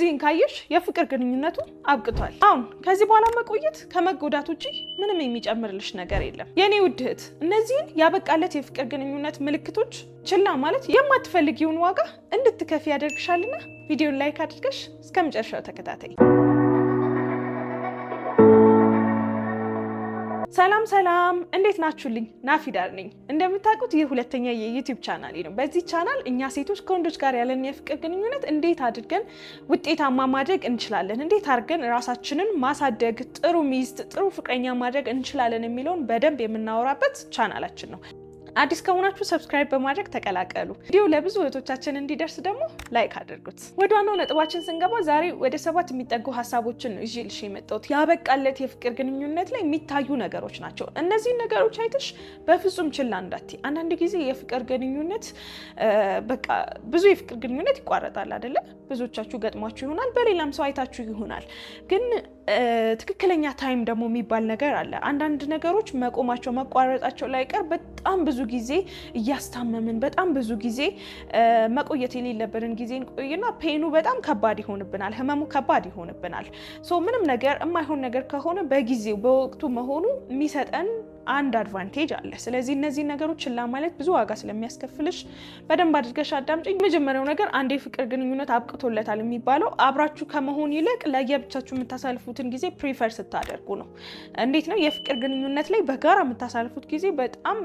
እነዚህን ካየሽ የፍቅር ግንኙነቱ አብቅቷል። አሁን ከዚህ በኋላ መቆየት ከመጎዳት ውጪ ምንም የሚጨምርልሽ ነገር የለም። የእኔ ውድ እህት፣ እነዚህን ያበቃለት የፍቅር ግንኙነት ምልክቶች ችላ ማለት የማትፈልጊውን ዋጋ እንድትከፊ ያደርግሻልና ቪዲዮን ላይክ አድርገሽ እስከ መጨረሻው ተከታታይ ሰላም ሰላም፣ እንዴት ናችሁልኝ? ናፊዳር ነኝ። እንደምታውቁት ይህ ሁለተኛ የዩቲዩብ ቻናሌ ነው። በዚህ ቻናል እኛ ሴቶች ከወንዶች ጋር ያለን የፍቅር ግንኙነት እንዴት አድርገን ውጤታማ ማድረግ እንችላለን፣ እንዴት አድርገን ራሳችንን ማሳደግ፣ ጥሩ ሚስት፣ ጥሩ ፍቅረኛ ማድረግ እንችላለን የሚለውን በደንብ የምናወራበት ቻናላችን ነው። አዲስ ከሆናችሁ ሰብስክራይብ በማድረግ ተቀላቀሉ። ቪዲዮ ለብዙ እህቶቻችን እንዲደርስ ደግሞ ላይክ አድርጉት። ወደ ዋናው ነጥባችን ስንገባ ዛሬ ወደ ሰባት የሚጠጉ ሀሳቦችን ነው ይዤልሽ የመጣሁት። ያበቃለት የፍቅር ግንኙነት ላይ የሚታዩ ነገሮች ናቸው። እነዚህን ነገሮች አይተሽ በፍጹም ችላ እንዳትይ። አንዳንድ ጊዜ የፍቅር ግንኙነት በቃ ብዙ የፍቅር ግንኙነት ይቋረጣል አይደለ? ብዙዎቻችሁ ገጥሟችሁ ይሆናል፣ በሌላም ሰው አይታችሁ ይሆናል ግን ትክክለኛ ታይም ደግሞ የሚባል ነገር አለ። አንዳንድ ነገሮች መቆማቸው መቋረጣቸው ላይቀር በጣም ብዙ ጊዜ እያስታመምን በጣም ብዙ ጊዜ መቆየት የሌለብንን ጊዜ ቆይና ፔኑ በጣም ከባድ ይሆንብናል፣ ህመሙ ከባድ ይሆንብናል። ምንም ነገር የማይሆን ነገር ከሆነ በጊዜው በወቅቱ መሆኑ የሚሰጠን አንድ አድቫንቴጅ አለ። ስለዚህ እነዚህ ነገሮች ችላ ብዙ ዋጋ ስለሚያስከፍልሽ በደንብ አድርገሽ አዳምጪኝ። የመጀመሪያው ነገር አንድ የፍቅር ግንኙነት አብቅቶለታል የሚባለው አብራችሁ ከመሆን ይልቅ ለየብቻችሁ የምታሳልፉትን ጊዜ ፕሪፈር ስታደርጉ ነው። እንዴት ነው የፍቅር ግንኙነት ላይ በጋራ የምታሳልፉት ጊዜ በጣም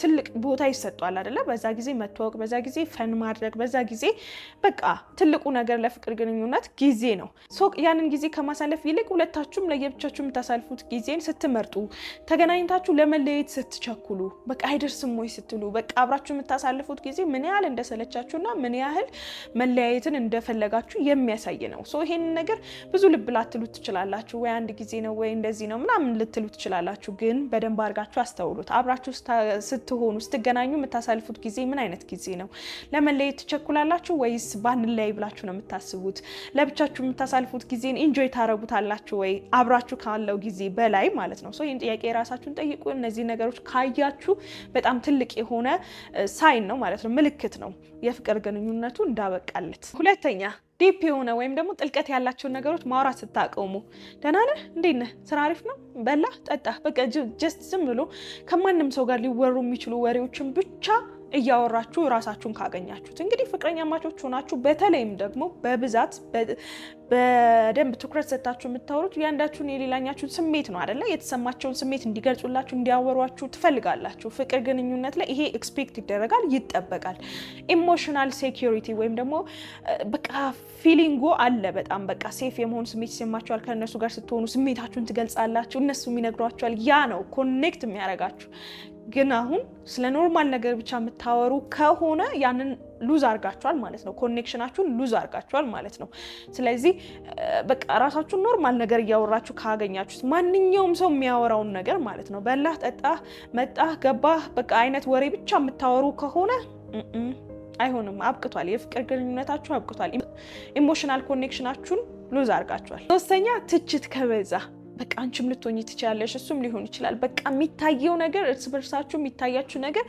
ትልቅ ቦታ ይሰጧል አይደለ? በዛ ጊዜ መተዋወቅ፣ በዛ ጊዜ ፈን ማድረግ፣ በዛ ጊዜ በቃ ትልቁ ነገር ለፍቅር ግንኙነት ጊዜ ነው። ሶቅ ያንን ጊዜ ከማሳለፍ ይልቅ ሁለታችሁም ለየብቻችሁ የምታሳልፉት ጊዜን ስትመርጡ፣ ተገናኝታችሁ ለመለየት ስትቸኩሉ፣ በቃ አይደርስም ወይ ስትሉ፣ በቃ አብራችሁ የምታሳልፉት ጊዜ ምን ያህል እንደሰለቻችሁና ምን ያህል መለያየትን እንደፈለጋችሁ የሚያሳይ ነው። ሶ ይሄንን ነገር ብዙ ልብ ላትሉ ትችላላችሁ። ወይ አንድ ጊዜ ነው ወይ እንደዚህ ነው ምናምን ልትሉ ትችላላችሁ። ግን በደንብ አድርጋችሁ አስተውሉት አብራችሁ ስትሆኑ ስትገናኙ የምታሳልፉት ጊዜ ምን አይነት ጊዜ ነው? ለመለየት ትቸኩላላችሁ ወይስ ባንለያይ ብላችሁ ነው የምታስቡት? ለብቻችሁ የምታሳልፉት ጊዜን ኢንጆይ ታረጉታላችሁ ወይ አብራችሁ ካለው ጊዜ በላይ ማለት ነው። ይህን ጥያቄ የራሳችሁን ጠይቁ። እነዚህ ነገሮች ካያችሁ በጣም ትልቅ የሆነ ሳይን ነው ማለት ነው፣ ምልክት ነው የፍቅር ግንኙነቱ እንዳበቃለት። ሁለተኛ ዲፕ የሆነ ወይም ደግሞ ጥልቀት ያላቸውን ነገሮች ማውራት ስታቆሙ፣ ደህና ነህ፣ እንዴት ነህ፣ ስራ አሪፍ ነው፣ በላ ጠጣ፣ በቃ ጀስት ዝም ብሎ ከማንም ሰው ጋር ሊወሩ የሚችሉ ወሬዎችን ብቻ እያወራችሁ ራሳችሁን ካገኛችሁት እንግዲህ ፍቅረኛ ማቾች ሆናችሁ በተለይም ደግሞ በብዛት በደንብ ትኩረት ሰጥታችሁ የምታወሩት ያንዳችሁን የሌላኛችሁን ስሜት ነው አደለ? የተሰማቸውን ስሜት እንዲገልጹላችሁ እንዲያወሯችሁ ትፈልጋላችሁ። ፍቅር ግንኙነት ላይ ይሄ ኤክስፔክት ይደረጋል፣ ይጠበቃል። ኢሞሽናል ሴኪሪቲ ወይም ደግሞ በቃ ፊሊንጎ አለ በጣም በቃ ሴፍ የመሆን ስሜት ይሰማችኋል። ከእነሱ ጋር ስትሆኑ ስሜታችሁን ትገልጻላችሁ፣ እነሱ ይነግሯችኋል። ያ ነው ኮኔክት የሚያደርጋችሁ ግን አሁን ስለ ኖርማል ነገር ብቻ የምታወሩ ከሆነ ያንን ሉዝ አርጋችኋል ማለት ነው። ኮኔክሽናችሁን ሉዝ አርጋችኋል ማለት ነው። ስለዚህ በቃ ራሳችሁን ኖርማል ነገር እያወራችሁ ካገኛችሁት ማንኛውም ሰው የሚያወራውን ነገር ማለት ነው፣ በላህ፣ ጠጣህ፣ መጣህ፣ ገባህ፣ በቃ አይነት ወሬ ብቻ የምታወሩ ከሆነ አይሆንም። አብቅቷል። የፍቅር ግንኙነታችሁ አብቅቷል። ኢሞሽናል ኮኔክሽናችሁን ሉዝ አርጋችኋል። ሶስተኛ ትችት ከበዛ በቃ አንቺም ልትሆኝ ትችላለሽ፣ እሱም ሊሆን ይችላል። በቃ የሚታየው ነገር እርስ በርሳችሁ የሚታያችሁ ነገር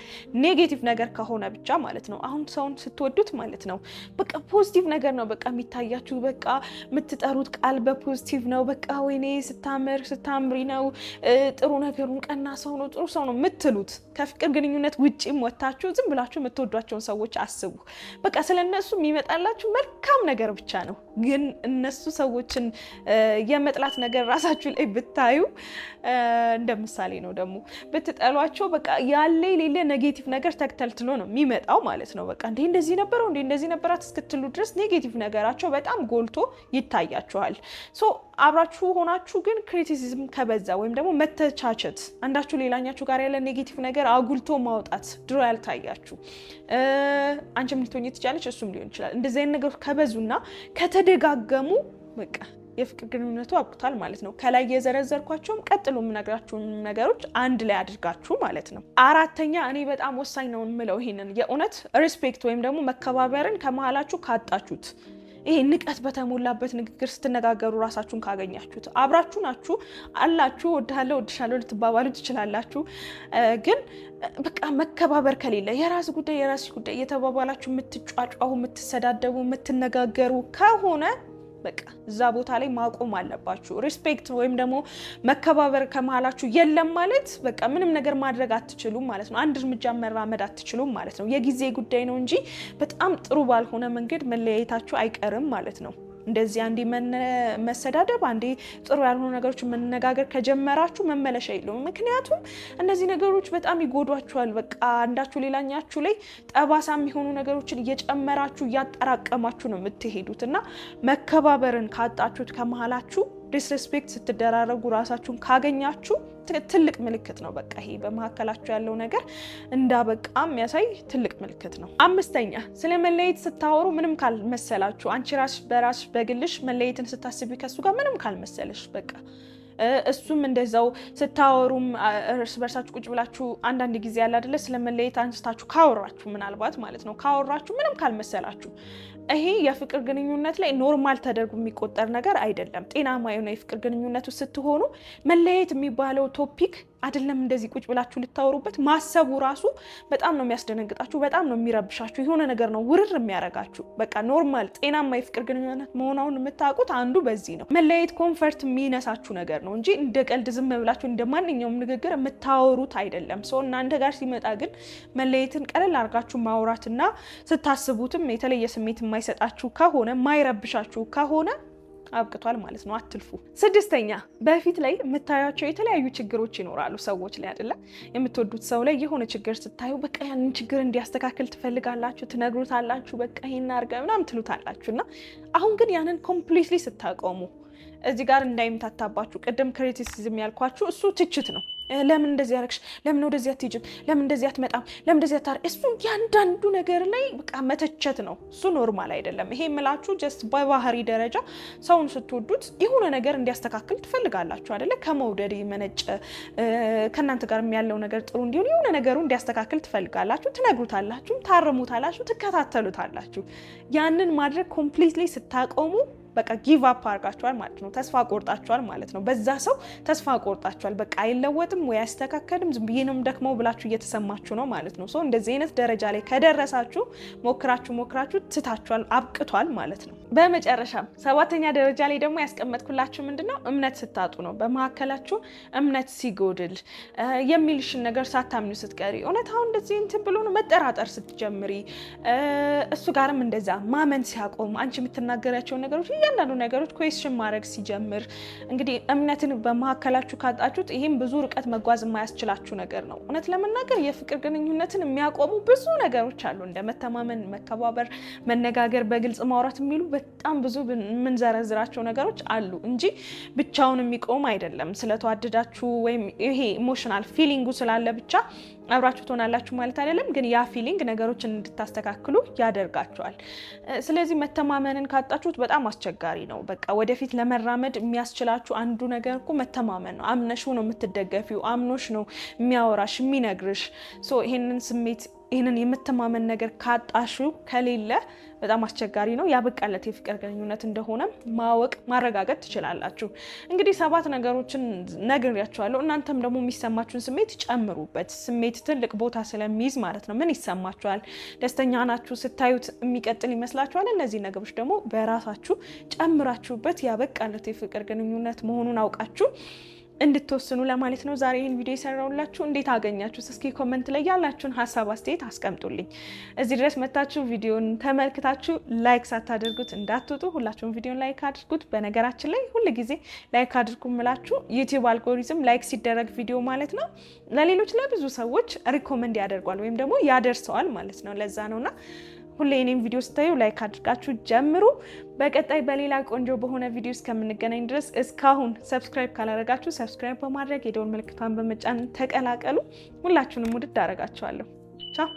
ኔጌቲቭ ነገር ከሆነ ብቻ ማለት ነው። አሁን ሰውን ስትወዱት ማለት ነው በቃ ፖዚቲቭ ነገር ነው በቃ የሚታያችሁ፣ በቃ የምትጠሩት ቃል በፖዚቲቭ ነው። በቃ ወይኔ ስታምር ስታምሪ ነው፣ ጥሩ ነገሩን፣ ቀና ሰው ነው፣ ጥሩ ሰው ነው የምትሉት። ከፍቅር ግንኙነት ውጪም ወታችሁ ዝም ብላችሁ የምትወዷቸውን ሰዎች አስቡ። በቃ ስለነሱ የሚመጣላችሁ መልካም ነገር ብቻ ነው። ግን እነሱ ሰዎችን የመጥላት ነገር ራሳችሁ ላይ ብታዩ እንደ ምሳሌ ነው። ደግሞ ብትጠሏቸው በቃ ያለ የሌለ ኔጌቲቭ ነገር ተክተልትሎ ነው የሚመጣው ማለት ነው። በቃ እንዲህ እንደዚህ ነበረው እንዲህ እንደዚህ ነበራት እስክትሉ ድረስ ኔጌቲቭ ነገራቸው በጣም ጎልቶ ይታያችኋል። ሶ አብራችሁ ሆናችሁ ግን ክሪቲሲዝም ከበዛ ወይም ደግሞ መተቻቸት አንዳችሁ ሌላኛችሁ ጋር ያለ ኔጌቲቭ ነገር አጉልቶ ማውጣት ድሮ ያልታያችሁ አንቺም ልትሆኚ ትችላለች፣ እሱም ሊሆን ይችላል። እንደዚህ አይነት ነገሮች ከበዙና ከተደጋገሙ በቃ የፍቅር ግንኙነቱ አብቅቷል ማለት ነው። ከላይ የዘረዘርኳቸውም ቀጥሎ የምነግራችሁን ነገሮች አንድ ላይ አድርጋችሁ ማለት ነው። አራተኛ እኔ በጣም ወሳኝ ነው የምለው ይሄንን የእውነት ሪስፔክት ወይም ደግሞ መከባበርን ከመሀላችሁ ካጣችሁት ይሄ ንቀት በተሞላበት ንግግር ስትነጋገሩ ራሳችሁን ካገኛችሁት አብራችሁ ናችሁ አላችሁ ወድሃለሁ ወድሻለሁ ልትባባሉ ትችላላችሁ። ግን በቃ መከባበር ከሌለ የራስ ጉዳይ የራስ ጉዳይ እየተባባላችሁ የምትጫጫሁ፣ የምትሰዳደቡ፣ የምትነጋገሩ ከሆነ በቃ እዛ ቦታ ላይ ማቆም አለባችሁ። ሪስፔክት ወይም ደግሞ መከባበር ከመሀላችሁ የለም ማለት በቃ ምንም ነገር ማድረግ አትችሉም ማለት ነው። አንድ እርምጃ መራመድ አትችሉም ማለት ነው። የጊዜ ጉዳይ ነው እንጂ በጣም ጥሩ ባልሆነ መንገድ መለያየታችሁ አይቀርም ማለት ነው። እንደዚህ አንዴ መሰዳደብ፣ አንዴ ጥሩ ያልሆኑ ነገሮች መነጋገር ከጀመራችሁ መመለሻ የለውም። ምክንያቱም እነዚህ ነገሮች በጣም ይጎዷችኋል። በቃ አንዳችሁ ሌላኛችሁ ላይ ጠባሳ የሚሆኑ ነገሮችን እየጨመራችሁ እያጠራቀማችሁ ነው የምትሄዱት እና መከባበርን ካጣችሁት ከመሀላችሁ ዲስሬስፔክት ስትደራረጉ ራሳችሁን ካገኛችሁ ትልቅ ምልክት ነው። በቃ ይሄ በመካከላችሁ ያለው ነገር እንዳበቃ የሚያሳይ ትልቅ ምልክት ነው። አምስተኛ ስለ መለየት ስታወሩ ምንም ካልመሰላችሁ፣ አንቺ ራስሽ በራስሽ በግልሽ መለየትን ስታስቢ ከሱ ጋር ምንም ካልመሰለሽ በቃ እሱም እንደዛው ስታወሩም እርስ በርሳችሁ ቁጭ ብላችሁ አንዳንድ ጊዜ ያለ አይደለ ስለመለየት አንስታችሁ ካወራችሁ ምናልባት ማለት ነው ካወራችሁ ምንም ካልመሰላችሁ ይሄ የፍቅር ግንኙነት ላይ ኖርማል ተደርጎ የሚቆጠር ነገር አይደለም። ጤናማ የሆነ የፍቅር ግንኙነት ስትሆኑ መለየት የሚባለው ቶፒክ አይደለም እንደዚህ ቁጭ ብላችሁ ልታወሩበት ማሰቡ ራሱ በጣም ነው የሚያስደነግጣችሁ፣ በጣም ነው የሚረብሻችሁ። የሆነ ነገር ነው ውርር የሚያረጋችሁ። በቃ ኖርማል ጤናማ የፍቅር ግንኙነት መሆናውን የምታውቁት አንዱ በዚህ ነው። መለያየት ኮንፈርት የሚነሳችሁ ነገር ነው እንጂ እንደ ቀልድ ዝም ብላችሁ እንደ ማንኛውም ንግግር የምታወሩት አይደለም። ሰው እናንተ ጋር ሲመጣ ግን መለየትን ቀለል አድርጋችሁ ማውራትና ስታስቡትም የተለየ ስሜት የማይሰጣችሁ ከሆነ የማይረብሻችሁ ከሆነ አብቅቷል ማለት ነው። አትልፉ። ስድስተኛ በፊት ላይ የምታያቸው የተለያዩ ችግሮች ይኖራሉ ሰዎች ላይ አይደለም። የምትወዱት ሰው ላይ የሆነ ችግር ስታዩ በቃ ያንን ችግር እንዲያስተካክል ትፈልጋላችሁ፣ ትነግሩታላችሁ፣ በቃ ይሄን አድርገ ምናምን ትሉታላችሁ እና አሁን ግን ያንን ኮምፕሊትሊ ስታቆሙ እዚህ ጋር እንዳይምታታባችሁ ቅድም ክሪቲሲዝም ያልኳችሁ እሱ ትችት ነው ለምን እንደዚህ ያረግሽ? ለምን ወደዚህ አትሄጂም? ለምን እንደዚህ አትመጣም? ለምን እንደዚህ አታር እሱ ያንዳንዱ ነገር ላይ በቃ መተቸት ነው። እሱ ኖርማል አይደለም። ይሄ የምላችሁ ጀስት በባህሪ ደረጃ ሰውን ስትወዱት የሆነ ነገር እንዲያስተካክል ትፈልጋላችሁ አይደለ? ከመውደድ መነጨ ከእናንተ ጋር ያለው ነገር ጥሩ እንዲሆን የሆነ ነገሩ እንዲያስተካክል ትፈልጋላችሁ፣ ትነግሩታላችሁ፣ ታርሙታላችሁ፣ ትከታተሉታላችሁ። ያንን ማድረግ ኮምፕሊትሊ ስታቆሙ በቃ ጊቭ አፕ አድርጋችኋል ማለት ነው። ተስፋ ቆርጣችኋል ማለት ነው። በዛ ሰው ተስፋ ቆርጣችኋል። በቃ አይለወጥም ወይ አያስተካከልም፣ ዝም ብዬ ነው ደክመው ብላችሁ እየተሰማችሁ ነው ማለት ነው። እንደዚህ አይነት ደረጃ ላይ ከደረሳችሁ ሞክራችሁ ሞክራችሁ ትታችኋል፣ አብቅቷል ማለት ነው። በመጨረሻም ሰባተኛ ደረጃ ላይ ደግሞ ያስቀመጥኩላችሁ ምንድነው እምነት ስታጡ ነው። በመካከላችሁ እምነት ሲጎድል የሚልሽን ነገር ሳታምኑ ስትቀሪ እውነት አሁን እንደዚህ እንትን ብሎ ነው መጠራጠር ስትጀምሪ እሱ ጋርም እንደዛ ማመን ሲያቆም አንቺ የምትናገሪያቸውን ነገሮች እያንዳንዱ ነገሮች ኮስሽን ማድረግ ሲጀምር እንግዲህ እምነትን በመካከላችሁ ካጣችሁት ይህም ብዙ ርቀት መጓዝ የማያስችላችሁ ነገር ነው። እውነት ለመናገር የፍቅር ግንኙነትን የሚያቆሙ ብዙ ነገሮች አሉ፣ እንደ መተማመን፣ መከባበር፣ መነጋገር፣ በግልጽ ማውራት የሚሉ በጣም ብዙ የምንዘረዝራቸው ነገሮች አሉ እንጂ ብቻውን የሚቆም አይደለም። ስለተዋደዳችሁ ወይም ይሄ ኢሞሽናል ፊሊንጉ ስላለ ብቻ አብራችሁ ትሆናላችሁ ማለት አይደለም፣ ግን ያ ፊሊንግ ነገሮችን እንድታስተካክሉ ያደርጋቸዋል። ስለዚህ መተማመንን ካጣችሁት በጣም አስቸጋሪ ነው። በቃ ወደፊት ለመራመድ የሚያስችላችሁ አንዱ ነገር እኮ መተማመን ነው። አምነሹ ነው የምትደገፊው፣ አምኖሽ ነው የሚያወራሽ የሚነግርሽ። ይሄንን ስሜት ይህንን የመተማመን ነገር ካጣሹ ከሌለ በጣም አስቸጋሪ ነው። ያበቃለት የፍቅር ግንኙነት እንደሆነ ማወቅ ማረጋገጥ ትችላላችሁ። እንግዲህ ሰባት ነገሮችን ነግሬያችኋለሁ። እናንተም ደግሞ የሚሰማችሁን ስሜት ጨምሩበት። ስሜት ትልቅ ቦታ ስለሚይዝ ማለት ነው። ምን ይሰማችኋል? ደስተኛ ናችሁ? ስታዩት የሚቀጥል ይመስላችኋል? እነዚህ ነገሮች ደግሞ በራሳችሁ ጨምራችሁበት ያበቃለት የፍቅር ግንኙነት መሆኑን አውቃችሁ እንድትወስኑ ለማለት ነው ዛሬ ይህን ቪዲዮ የሰራውላችሁ። እንዴት አገኛችሁት? እስኪ ኮመንት ላይ ያላችሁን ሀሳብ አስተያየት አስቀምጡልኝ። እዚህ ድረስ መታችሁ ቪዲዮን ተመልክታችሁ ላይክ ሳታደርጉት እንዳትወጡ። ሁላችሁም ቪዲዮን ላይክ አድርጉት። በነገራችን ላይ ሁል ጊዜ ላይክ አድርጉ ምላችሁ ዩቲዩብ አልጎሪዝም ላይክ ሲደረግ ቪዲዮ ማለት ነው ለሌሎች ለብዙ ሰዎች ሪኮመንድ ያደርጓል ወይም ደግሞ ያደርሰዋል ማለት ነው። ለዛ ነውና ሁሌ እኔም ቪዲዮ ስታዩ ላይክ አድርጋችሁ ጀምሩ። በቀጣይ በሌላ ቆንጆ በሆነ ቪዲዮ እስከምንገናኝ ድረስ እስካሁን ሰብስክራይብ ካላረጋችሁ ሰብስክራይብ በማድረግ የደውል ምልክቷን በመጫን ተቀላቀሉ። ሁላችሁንም ውድድ አረጋችኋለሁ። ቻው